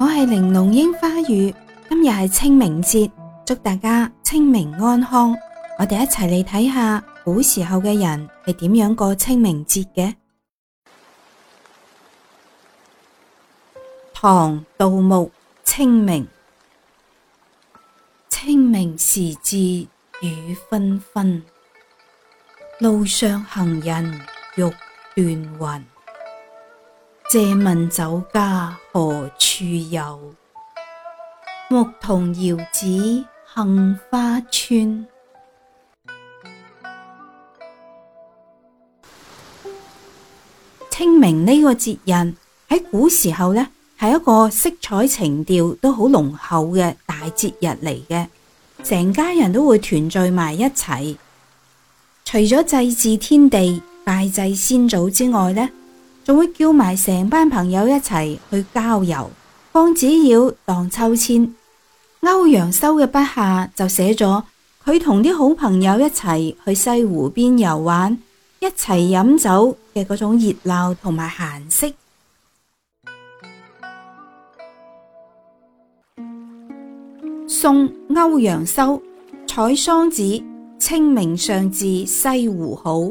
我係玲瓏櫻花語，今日係清明節，祝大家清明安康。我哋一齊嚟睇下古時候嘅人係點樣過清明節嘅。唐杜牧清明，清明時節雨紛紛，路上行人欲斷魂。借問酒家何處有？牧童遙指杏花村。清明呢個節日喺古時候呢，係一個色彩情調都好濃厚嘅大節日嚟嘅，成家人都會團聚埋一齊。除咗祭祀天地、拜祭先祖之外呢。仲會叫埋成班朋友一齊去郊遊，放紙鷂、蕩秋千。歐陽修嘅筆下就寫咗佢同啲好朋友一齊去西湖邊遊玩，一齊飲酒嘅嗰種熱鬧同埋閒適。宋歐陽修《采桑子》清明上巳西湖好。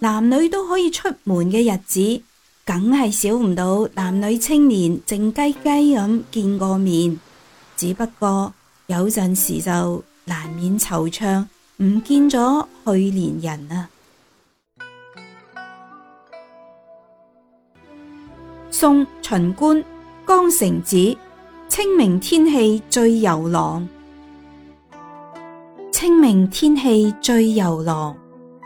男女都可以出門嘅日子，梗係少唔到男女青年靜雞雞咁見過面，只不過有陣時就難免惆悵，唔見咗去年人啊！宋秦觀《江城子》：清明天氣醉遊郎，清明天氣醉遊郎。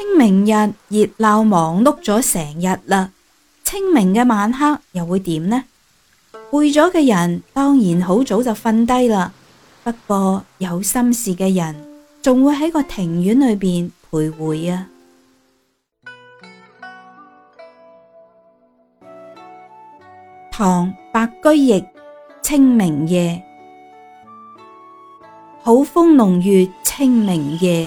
清明日熱鬧忙碌咗成日啦，清明嘅晚黑又會點呢？攰咗嘅人當然好早就瞓低啦，不過有心事嘅人仲會喺個庭院裏邊徘徊啊。唐白居易《清明夜》，好風朧月清明夜。